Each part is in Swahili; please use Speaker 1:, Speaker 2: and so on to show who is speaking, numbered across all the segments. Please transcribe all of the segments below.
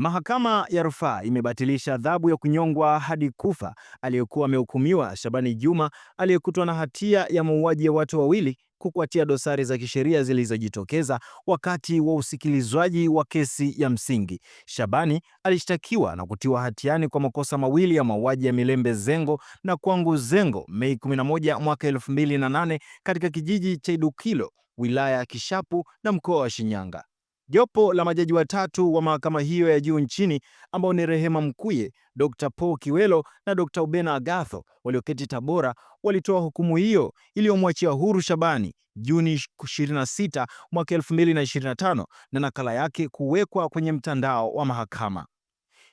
Speaker 1: Mahakama ya Rufaa imebatilisha adhabu ya kunyongwa hadi kufa aliyokuwa amehukumiwa Shabani Juma aliyekutwa na hatia ya mauaji ya watu wawili kufuatia dosari za kisheria zilizojitokeza wakati wa usikilizwaji wa kesi ya msingi. Shabani alishtakiwa na kutiwa hatiani kwa makosa mawili ya mauaji ya Milembe Zengo na Kwangu Zengo Mei 11 mwaka 2008 katika kijiji cha Idukilo, wilaya ya Kishapu na mkoa wa Shinyanga. Jopo la majaji watatu wa mahakama hiyo ya juu nchini ambao ni Rehema Mkuye, Dr. Paul Kiwelo na Dr. Ubena Agatho walioketi Tabora walitoa hukumu hiyo iliyomwachia huru Shabani Juni 26 mwaka 2025 na nakala yake kuwekwa kwenye mtandao wa mahakama.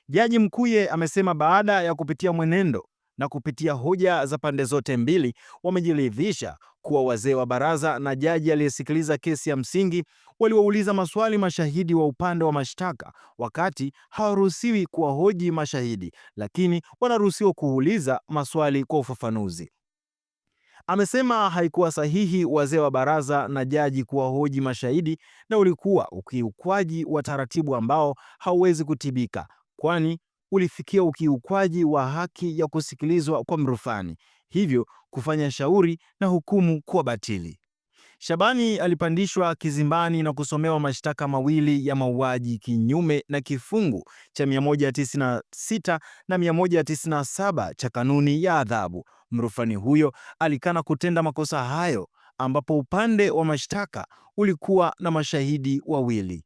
Speaker 1: Jaji Mkuye amesema baada ya kupitia mwenendo na kupitia hoja za pande zote mbili wamejiridhisha kuwa wazee wa baraza na jaji aliyesikiliza kesi ya msingi waliwauliza maswali mashahidi wa upande wa mashtaka, wakati hawaruhusiwi kuwahoji mashahidi, lakini wanaruhusiwa kuuliza maswali kwa ufafanuzi. Amesema haikuwa sahihi wazee wa baraza na jaji kuwahoji mashahidi na ulikuwa ukiukwaji wa taratibu ambao hauwezi kutibika, kwani ulifikia ukiukwaji wa haki ya kusikilizwa kwa mrufani, hivyo kufanya shauri na hukumu kuwa batili. Shabani alipandishwa kizimbani na kusomewa mashtaka mawili ya mauaji kinyume na kifungu cha 196 na 197 cha kanuni ya adhabu. Mrufani huyo alikana kutenda makosa hayo ambapo upande wa mashtaka ulikuwa na mashahidi wawili.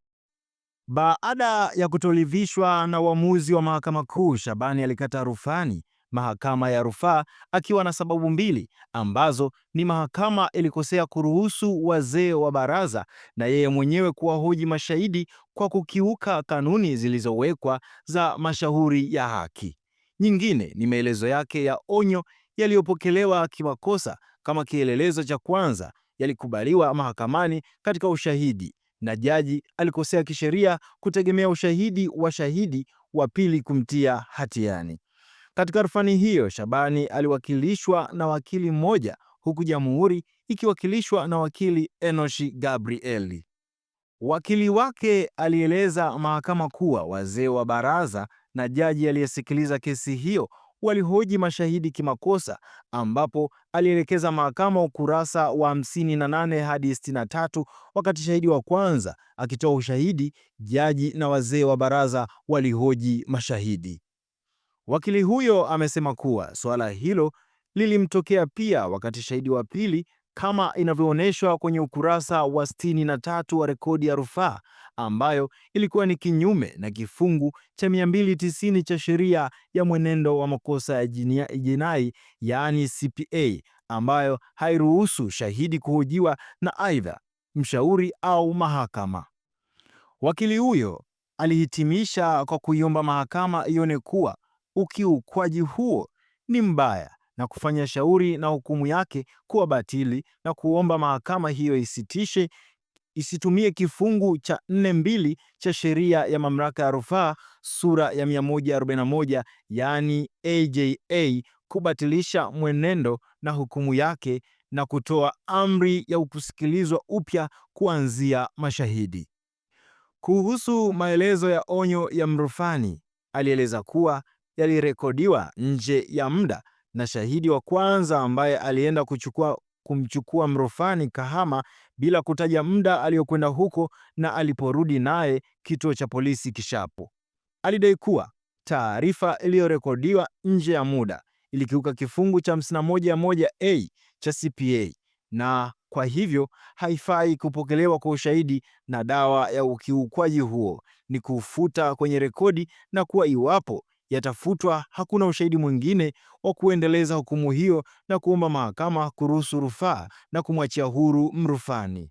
Speaker 1: Baada ya kutolivishwa na uamuzi wa Mahakama Kuu, Shabani alikata rufani mahakama ya rufaa akiwa na sababu mbili ambazo ni mahakama ilikosea kuruhusu wazee wa baraza na yeye mwenyewe kuwahoji mashahidi kwa kukiuka kanuni zilizowekwa za mashauri ya haki. Nyingine ni maelezo yake ya onyo yaliyopokelewa kimakosa kama kielelezo cha kwanza, yalikubaliwa mahakamani katika ushahidi na jaji alikosea kisheria kutegemea ushahidi wa shahidi wa pili kumtia hatiani. Katika rufani hiyo, Shabani aliwakilishwa na wakili mmoja huku jamhuri ikiwakilishwa na wakili Enoshi Gabrieli. Wakili wake alieleza mahakama kuwa wazee wa baraza na jaji aliyesikiliza kesi hiyo walihoji mashahidi kimakosa, ambapo alielekeza mahakama ukurasa wa 58 hadi 63. Wakati shahidi wa kwanza akitoa ushahidi, jaji na wazee wa baraza walihoji mashahidi. Wakili huyo amesema kuwa suala hilo lilimtokea pia wakati shahidi wa pili kama inavyoonyeshwa kwenye ukurasa wa 63 wa rekodi ya rufaa ambayo ilikuwa ni kinyume na kifungu cha 290 cha sheria ya mwenendo wa makosa ya jinai yaani CPA ambayo hairuhusu shahidi kuhojiwa na aidha mshauri au mahakama. Wakili huyo alihitimisha kwa kuiomba mahakama ione kuwa ukiukwaji huo ni mbaya na kufanya shauri na hukumu yake kuwa batili na kuomba mahakama hiyo isitishe isitumie kifungu cha 42 cha sheria ya mamlaka ya rufaa sura ya 141 yaani AJA kubatilisha mwenendo na hukumu yake na kutoa amri ya kusikilizwa upya kuanzia mashahidi. Kuhusu maelezo ya onyo ya mrufani, alieleza kuwa yalirekodiwa nje ya muda na shahidi wa kwanza ambaye alienda kuchukua kumchukua Mrofani Kahama bila kutaja muda aliyokwenda huko na aliporudi naye kituo cha polisi Kishapu. Alidai kuwa taarifa iliyorekodiwa nje ya muda ilikiuka kifungu cha 5a cha CPA na kwa hivyo haifai kupokelewa kwa ushahidi, na dawa ya ukiukwaji huo ni kufuta kwenye rekodi na kuwa iwapo yatafutwa, hakuna ushahidi mwingine wa kuendeleza hukumu hiyo na kuomba mahakama kuruhusu rufaa na kumwachia huru mrufani.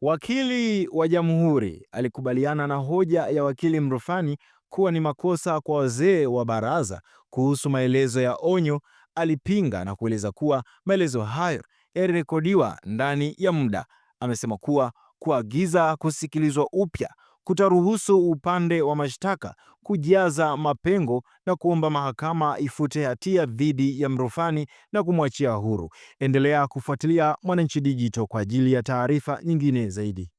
Speaker 1: Wakili wa Jamhuri alikubaliana na hoja ya wakili mrufani kuwa ni makosa kwa wazee wa baraza kuhusu maelezo ya onyo. Alipinga na kueleza kuwa maelezo hayo yalirekodiwa ndani ya muda. Amesema kuwa kuagiza kusikilizwa upya kutaruhusu upande wa mashtaka kujaza mapengo na kuomba mahakama ifute hatia dhidi ya mrufani na kumwachia huru. Endelea kufuatilia Mwananchi Digital kwa ajili ya taarifa nyingine zaidi.